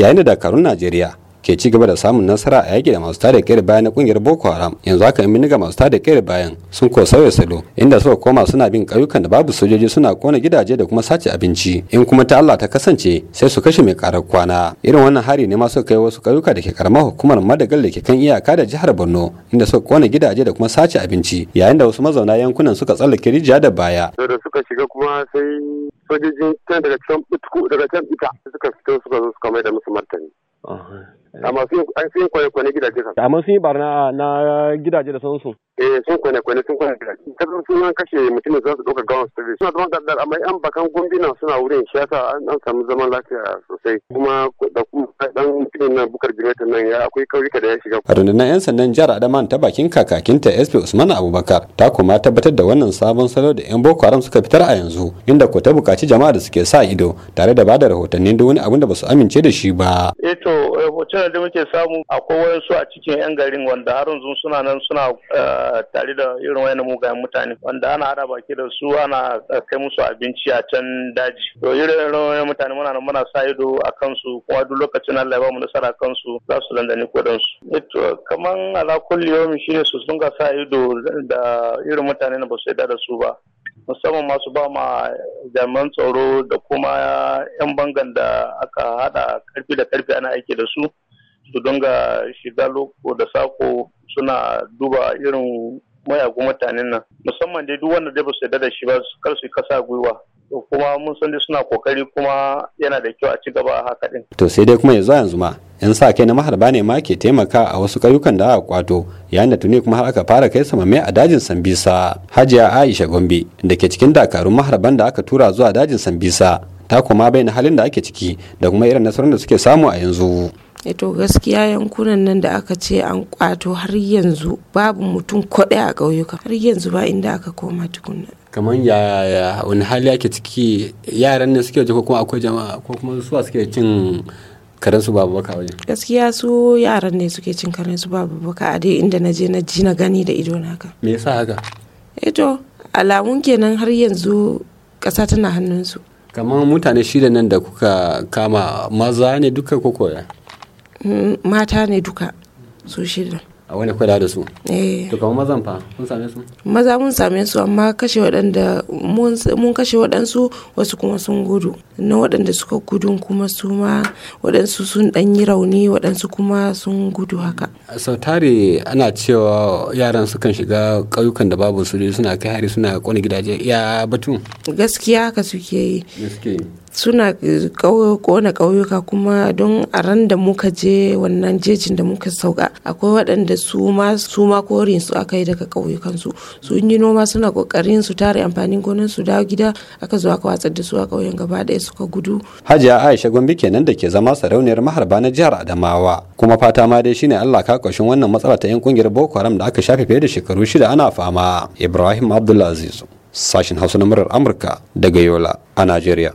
yayin da dakarun najeriya ke ci gaba da samun nasara a yaki da masu tada kayar baya na kungiyar boko haram yanzu haka yan ga masu tada kayar bayan sun ko sauya salo inda suka koma suna bin ƙauyukan da babu sojoji suna kona gidaje da kuma sace abinci in kuma ta Allah ta kasance sai su kashe mai karar kwana irin wannan hari ne ma suka kai wasu ƙauyuka da ke karamar hukumar madagal da ke kan iyaka da jihar Borno inda suka kona gidaje da kuma sace abinci yayin da wasu mazauna yankunan suka tsallake rijiya da baya da suka shiga kuma sai sojoji daga can daga can ita suka fito suka zo suka mai da musu martani Eh. amma sun sun kwane kwane gidaje kan amma sun yi barna na gidaje da sansu eh sun kwane kwane sun kwane gidaje kasan sun y'an kashe mutumin za su dauka gawan su suna zaman daddar amma yan bakan gumbina suna wurin shi yasa an samu zaman lafiya sosai kuma da kuma dan mutumin na bukar jimeta nan ya akwai kauyuka da ya shiga. rundunar 'yan sandan jihar Adama ta bakin kakakinta sp usman abubakar ta kuma tabbatar da wannan sabon salo da 'yan boko haram suka fitar a yanzu inda ko ta buƙaci jama'a da suke sa ido tare da bada rahotanni da wani abin da basu su amince da shi ba. eh to rahoton da muke samu akwai wayansu a cikin 'yan garin wanda har yanzu suna nan suna eh, tare da irin wayannan mugayen mutane wanda ana hada baki da su ana eh, kai musu abinci a can daji to irin wayannan mutane muna nan muna sa ido a kansu kuma duk lokacin Allah ya ba mu nasara kansu su za su dandani kodansu. Ito eh kaman ala kulli yomi shine su sun sa ido da irin mutane na ba su da su ba. musamman masu ba ma jami'an tsaro da kuma 'yan bangan da aka hada karfi da karfi ana aiki da su su dinga shiga loko da sako suna duba irin mayagun mutanen nan musamman dai duk wanda dai ba su yarda da shi ba kar su kasa gwiwa kuma mun san suna kokari kuma yana da kyau a ci gaba a haka din to sai dai kuma yanzu yanzu ma yan sa kai na maharba ne ma ke taimaka a wasu ƙauyukan da aka kwato yayin da tuni kuma har aka fara kai mai a dajin sambisa hajiya aisha gombe da ke cikin dakarun maharban da aka tura zuwa dajin sambisa ta kuma bayyana halin da ake ciki da kuma irin nasarar da suke samu a yanzu Eto eh gaskiya yankunan nan da aka ce an kwato har yanzu babu mutum kwaɗe a ƙauyuka har yanzu ba inda aka koma tukuna. kamar ya wani hali ake ciki yaran ne suke ko kuma akwai jama'a ko kuma suwa suke cin karen su babu baka wajen gaskiya su yaran ne suke cin karen su babu baka a dai inda na je na ji na gani da ido na me yasa haka eto eh alamun kenan har yanzu ƙasa tana hannunsu kamar mutane shida nan da kuka kama maza ne duka koya. mata ne duka su shida a wani kula da su eh. to kamar mazan fa kun same su maza mun same su amma kashe waɗanda mun kashe waɗansu wasu kuma sun gudu na waɗanda suka gudun kuma su ma waɗansu sun ɗan yi rauni waɗansu kuma sun gudu haka sau tare ana cewa yaran sukan shiga ƙauyukan da babu su suna kai hari suna ƙone gidaje ya batun gaskiya haka suke yi suna kona eh, ƙauyuka kuma don a ran da muka je wannan jejin da muka sauka akwai waɗanda su ma korin su aka yi daga ƙauyukansu sun yi noma suna ƙoƙarin su tare amfanin gonan su dawo gida aka zo aka watsar da su a ƙauyen gaba ɗaya suka gudu. Hajiya Aisha Gombe kenan da ke zama sarauniyar maharba na jihar Adamawa kuma fata ma dai shine Allah ka ƙoshin wannan matsala ta 'yan ƙungiyar Boko Haram da aka shafe fiye da shekaru shida ana fama. Ibrahim Abdulaziz sashin Hausa na murar Amurka daga Yola a Najeriya.